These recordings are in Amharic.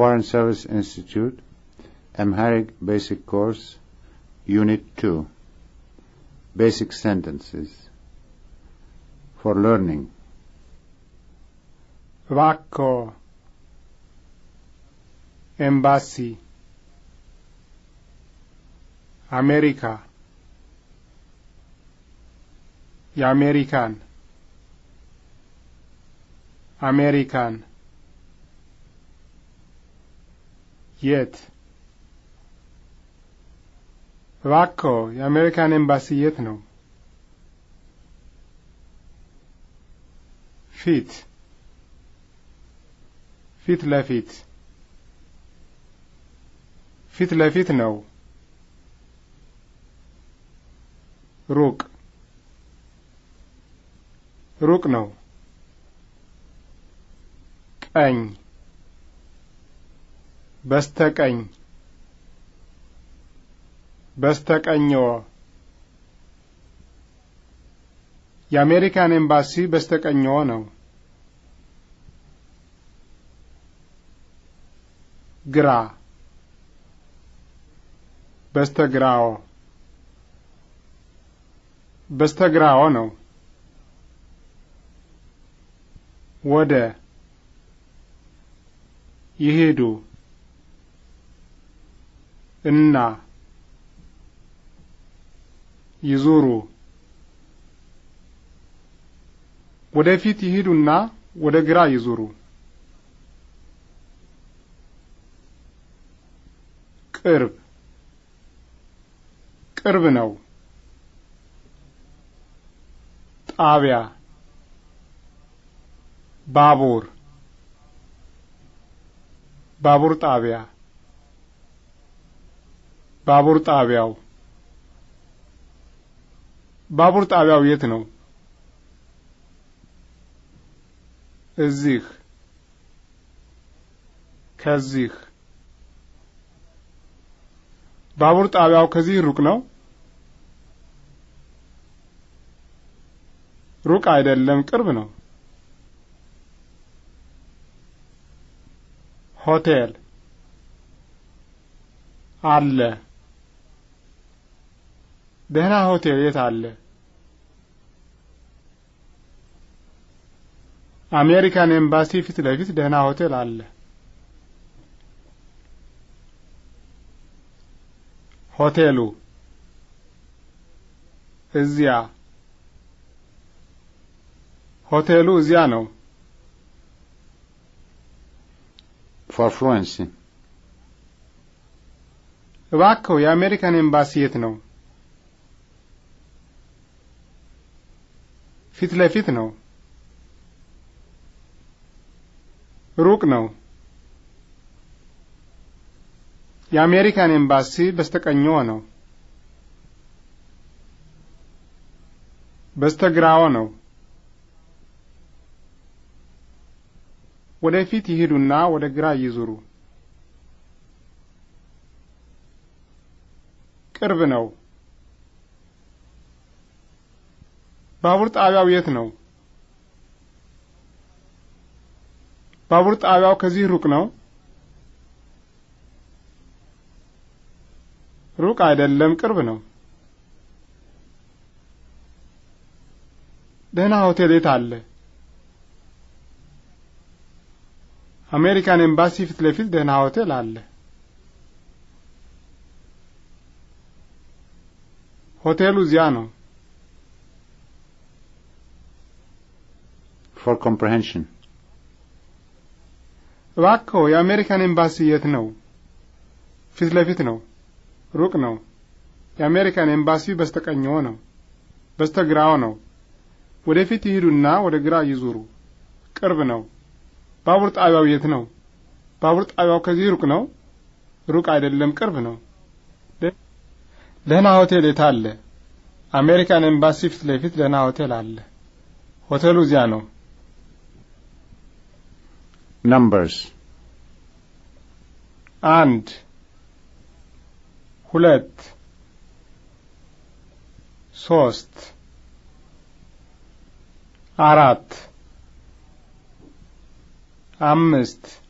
Foreign Service Institute, Amharic Basic Course, Unit 2, Basic Sentences for Learning. Wako. Embassy America American American የት? እባክዎ የአሜሪካን ኤምባሲ የት ነው? ፊት ፊት ለፊት ፊት ለፊት ነው። ሩቅ ሩቅ ነው። ቀኝ በስተቀኝ በስተቀኝዎ የአሜሪካን ኤምባሲ በስተቀኝዎ ነው። ግራ በስተግራዎ በስተግራዎ ነው። ወደ ይሄዱ እና ይዙሩ ወደፊት ይሂዱና ወደ ግራ ይዙሩ። ቅርብ ቅርብ ነው። ጣቢያ ባቡር ባቡር ጣቢያ ባቡር ጣቢያው ባቡር ጣቢያው የት ነው? እዚህ ከዚህ ባቡር ጣቢያው ከዚህ ሩቅ ነው? ሩቅ አይደለም፣ ቅርብ ነው። ሆቴል አለ። ደህና ሆቴል የት አለ? አሜሪካን ኤምባሲ ፊት ለፊት ደህና ሆቴል አለ። ሆቴሉ እዚያ። ሆቴሉ እዚያ ነው። ፎር ፍሉዌንሲ እባክዎ የአሜሪካን ኤምባሲ የት ነው? ፊት ለፊት ነው። ሩቅ ነው። የአሜሪካን ኤምባሲ በስተቀኝዎ ነው። በስተግራዎ ነው። ወደፊት ይሂዱና ወደ ግራ ይዙሩ። ቅርብ ነው። ባቡር ጣቢያው የት ነው? ባቡር ጣቢያው ከዚህ ሩቅ ነው? ሩቅ አይደለም፣ ቅርብ ነው። ደህና ሆቴል የት አለ? አሜሪካን ኤምባሲ ፊት ለፊት ደህና ሆቴል አለ። ሆቴሉ እዚያ ነው። for comprehension. እባክዎ የአሜሪካን ኤምባሲ የት ነው? ፊት ለፊት ነው። ሩቅ ነው። የአሜሪካን ኤምባሲ በስተቀኝዎ ነው። በስተግራው ነው። ወደፊት ይሂዱና ወደ ግራ ይዙሩ። ቅርብ ነው። ባቡር ጣቢያው የት ነው? ባቡር ጣቢያው ከዚህ ሩቅ ነው? ሩቅ አይደለም፣ ቅርብ ነው። ደህና ሆቴል የት አለ? አሜሪካን ኤምባሲ ፊት ለፊት ደህና ሆቴል አለ። ሆቴሉ እዚያ ነው። numbers. And Hulet Sost Arat Amist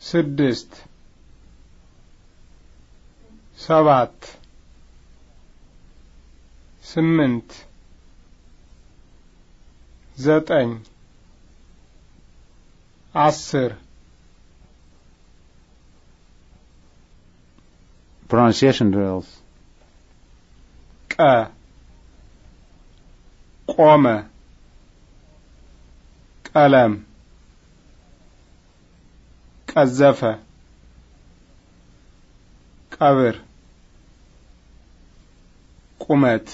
Siddist Savat Cement Zetany አስር pronunciation drills ቀ ቆመ ቀለም ቀዘፈ ቀብር ቁመት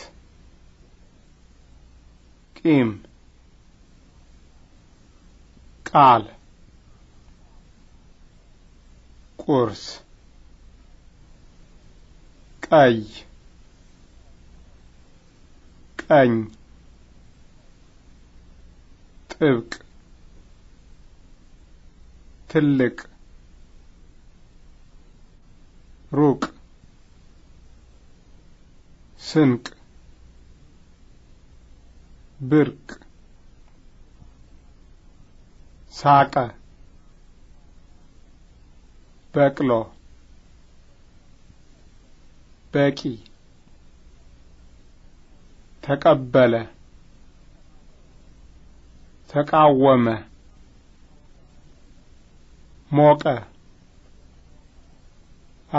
ቂም ቃል ቁርስ ቀይ ቀኝ ጥብቅ ትልቅ ሩቅ ስንቅ ብርቅ ሳቀ በቅሎ በቂ ተቀበለ ተቃወመ ሞቀ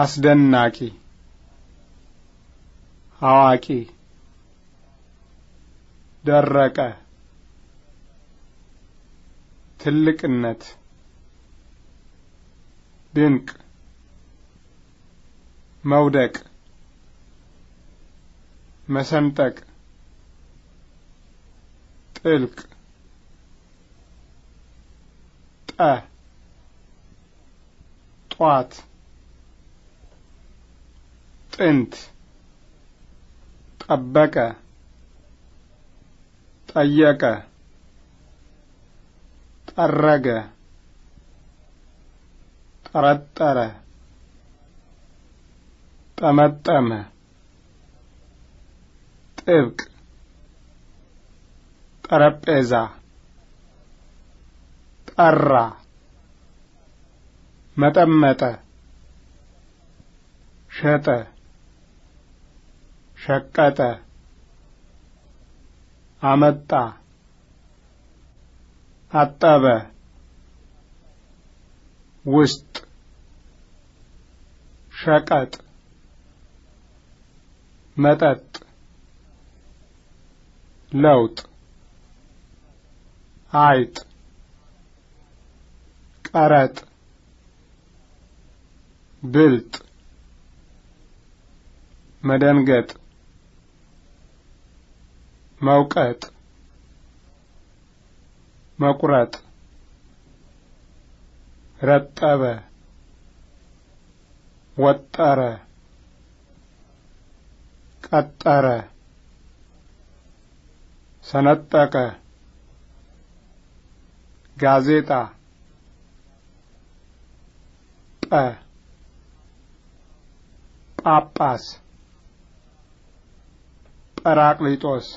አስደናቂ አዋቂ ደረቀ ትልቅነት دنك مودك مسنتك تلك تا طوات تنت طبك طيك طرق ጠረጠረ፣ ጠመጠመ፣ ጥብቅ፣ ጠረጴዛ፣ ጠራ፣ መጠመጠ፣ ሸጠ፣ ሸቀጠ፣ አመጣ፣ አጠበ ውስጥ ሸቀጥ መጠጥ ለውጥ አይጥ ቀረጥ ብልጥ መደንገጥ መውቀጥ መቁረጥ ረጠበ ወጠረ፣ ቀጠረ፣ ሰነጠቀ፣ ጋዜጣ፣ ጰ፣ ጳጳስ፣ ጰራቅሊጦስ፣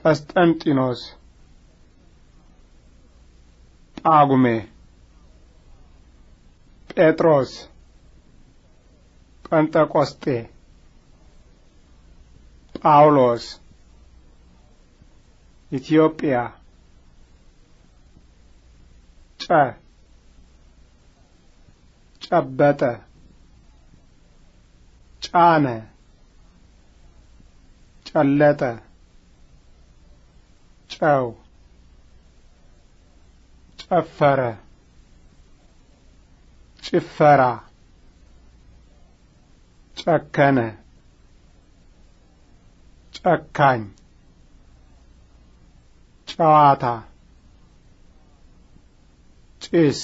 ጰስጠንጢኖስ፣ ጳጉሜ ጴጥሮስ ጴንጠቆስጤ ጳውሎስ ኢትዮጵያ ጨ ጨበጠ ጫነ ጨለጠ ጨው ጨፈረ ጭፈራ ጨከነ ጨካኝ ጨዋታ ጭስ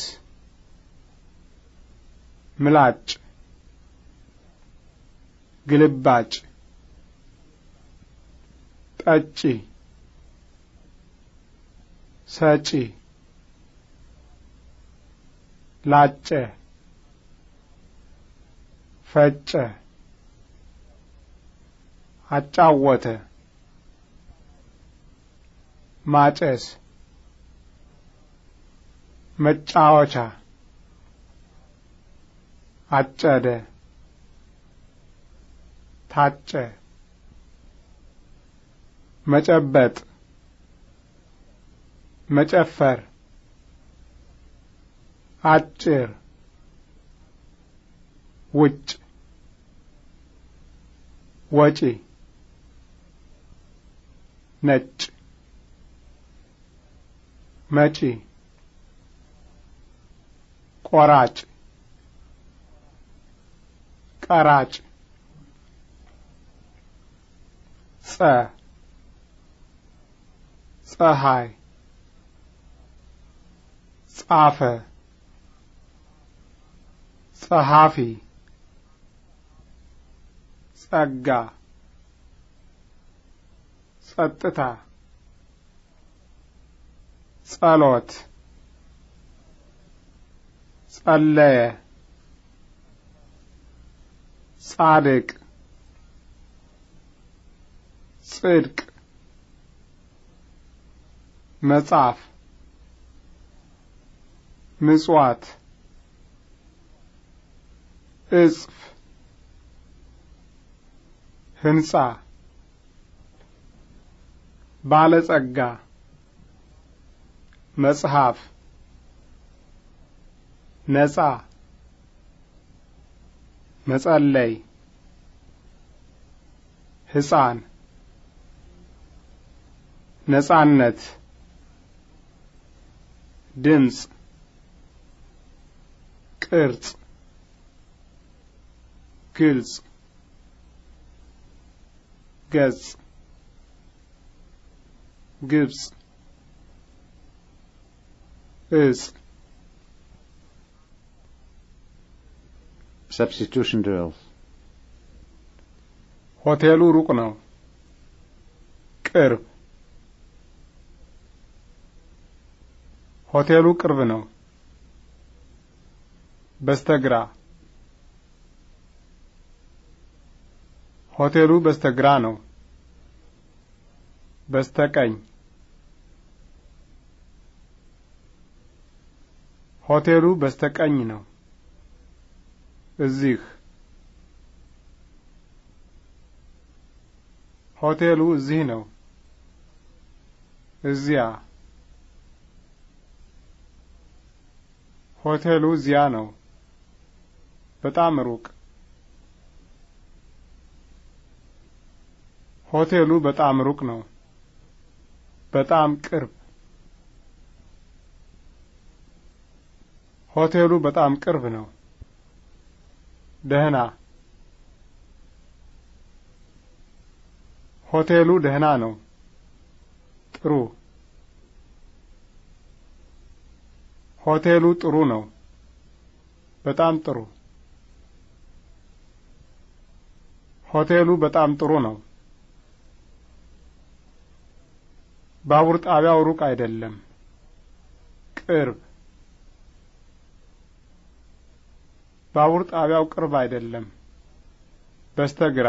ምላጭ ግልባጭ ጠጪ ሰጪ ላጨ ፈጨ፣ አጫወተ፣ ማጨስ፣ መጫወቻ፣ አጨደ፣ ታጨ፣ መጨበጥ፣ መጨፈር፣ አጭር ውጭ ወጪ ነጭ መጪ ቆራጭ ቀራጭ ጸ ፀሐይ ጻፈ ጸሐፊ ጸጋ ጸጥታ ጸሎት ጸለየ ጻድቅ ጽድቅ መጻፍ ምጽዋት እጽፍ ህንጻ ባለጸጋ መጽሐፍ ነጻ መጸለይ ሕፃን ነጻነት ድምፅ ቅርጽ ግልጽ ገጽ ግብጽ እጽ Substitution drill. ሆቴሉ ሩቅ ነው። ቅርብ ሆቴሉ ቅርብ ነው። በስተግራ ሆቴሉ በስተግራ ነው። በስተቀኝ ሆቴሉ በስተቀኝ ነው። እዚህ ሆቴሉ እዚህ ነው። እዚያ ሆቴሉ እዚያ ነው። በጣም ሩቅ ሆቴሉ በጣም ሩቅ ነው። በጣም ቅርብ። ሆቴሉ በጣም ቅርብ ነው። ደህና። ሆቴሉ ደህና ነው። ጥሩ። ሆቴሉ ጥሩ ነው። በጣም ጥሩ። ሆቴሉ በጣም ጥሩ ነው። ባቡር ጣቢያው ሩቅ አይደለም። ቅርብ ባቡር ጣቢያው ቅርብ አይደለም። በስተግራ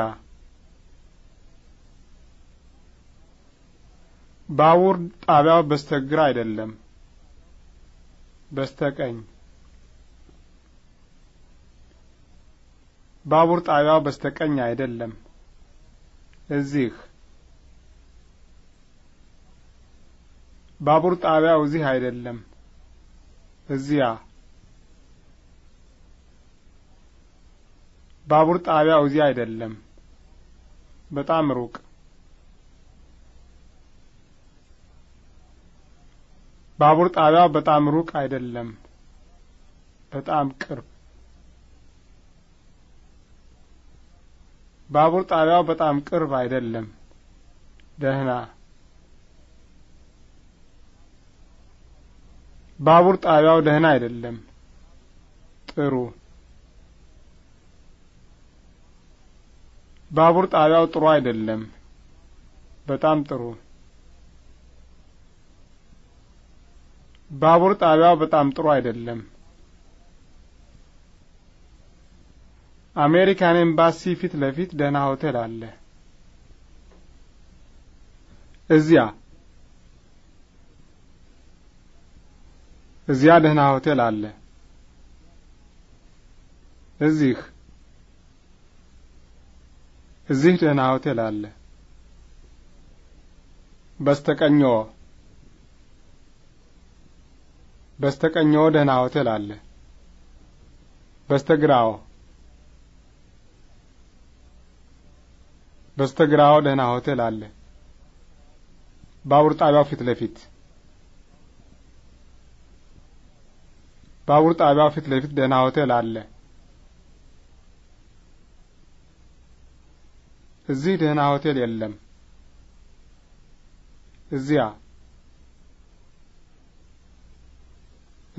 ባቡር ጣቢያው በስተግራ አይደለም። በስተቀኝ ባቡር ጣቢያው በስተቀኝ አይደለም። እዚህ ባቡር ጣቢያው እዚህ አይደለም፣ እዚያ። ባቡር ጣቢያው እዚህ አይደለም፣ በጣም ሩቅ። ባቡር ጣቢያው በጣም ሩቅ አይደለም፣ በጣም ቅርብ። ባቡር ጣቢያው በጣም ቅርብ አይደለም፣ ደህና ባቡር ጣቢያው ደህና አይደለም። ጥሩ ባቡር ጣቢያው ጥሩ አይደለም። በጣም ጥሩ ባቡር ጣቢያው በጣም ጥሩ አይደለም። አሜሪካን ኤምባሲ ፊት ለፊት ደህና ሆቴል አለ። እዚያ እዚያ ደህና ሆቴል አለ። እዚህ እዚህ ደህና ሆቴል አለ። በስተቀኞ በስተቀኞ ደህና ሆቴል አለ። በስተግራው በስተግራው ደህና ሆቴል አለ። ባቡር ጣቢያው ፊት ለፊት ባቡር ጣቢያው ፊት ለፊት ደህና ሆቴል አለ። እዚህ ደህና ሆቴል የለም። እዚያ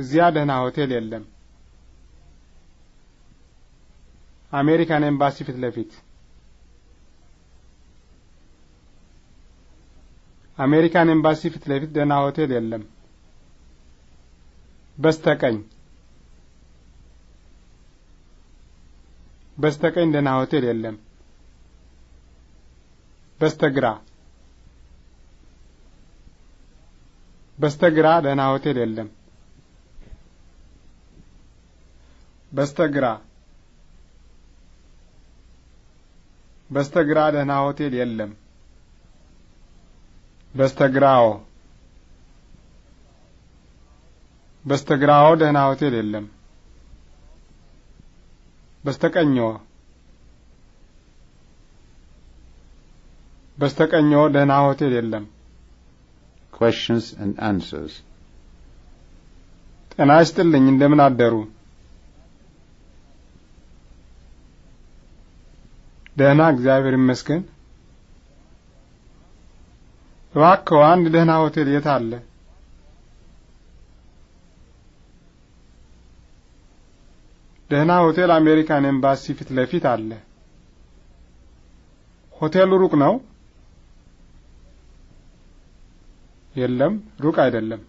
እዚያ ደህና ሆቴል የለም። አሜሪካን ኤምባሲ ፊት ለፊት አሜሪካን ኤምባሲ ፊት ለፊት ደህና ሆቴል የለም። በስተቀኝ በስተቀኝ ደህና ሆቴል የለም። በስተግራ በስተግራ ደህና ሆቴል የለም። በስተግራ በስተግራ ደህና ሆቴል የለም። በስተግራው በስተግራው ደህና ሆቴል የለም። በስተቀኝዎ በስተቀኝዎ ደህና ሆቴል የለም። questions and answers ጤና ይስጥልኝ። እንደምን አደሩ? ደህና እግዚአብሔር ይመስገን። እባክዎ አንድ ደህና ሆቴል የት አለ? ደህና ሆቴል አሜሪካን ኤምባሲ ፊት ለፊት አለ። ሆቴሉ ሩቅ ነው? የለም፣ ሩቅ አይደለም።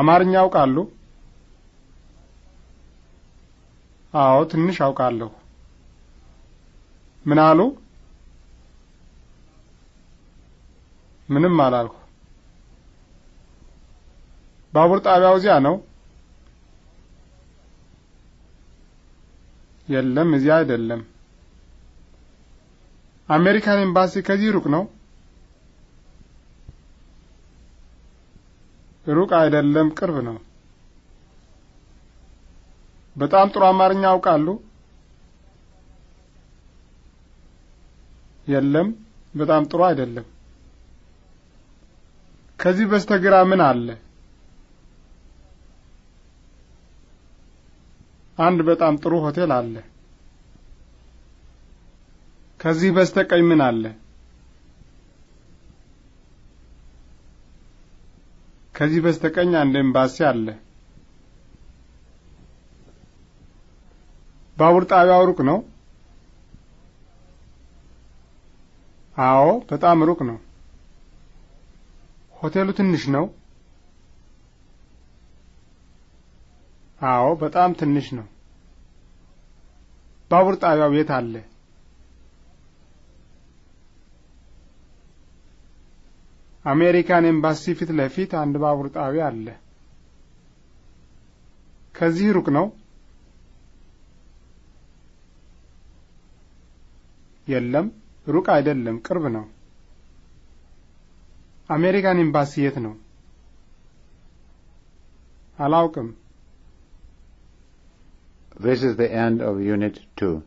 አማርኛ አውቃሉ? አዎ፣ ትንሽ አውቃለሁ። ምን አሉ? ምንም አላልሁ። ባቡር ጣቢያው እዚያ ነው። የለም፣ እዚያ አይደለም። አሜሪካን ኤምባሲ ከዚህ ሩቅ ነው? ሩቅ አይደለም፣ ቅርብ ነው። በጣም ጥሩ አማርኛ ያውቃሉ? የለም፣ በጣም ጥሩ አይደለም። ከዚህ በስተግራ ምን አለ? አንድ በጣም ጥሩ ሆቴል አለ። ከዚህ በስተቀኝ ምን አለ? ከዚህ በስተቀኝ አንድ ኤምባሲ አለ። ባቡር ጣቢያው ሩቅ ነው? አዎ፣ በጣም ሩቅ ነው። ሆቴሉ ትንሽ ነው? አዎ፣ በጣም ትንሽ ነው። ባቡር ጣቢያው የት አለ? አሜሪካን ኤምባሲ ፊት ለፊት አንድ ባቡር ጣቢያ አለ። ከዚህ ሩቅ ነው? የለም፣ ሩቅ አይደለም፣ ቅርብ ነው። አሜሪካን ኤምባሲ የት ነው? አላውቅም። This is the end of Unit 2.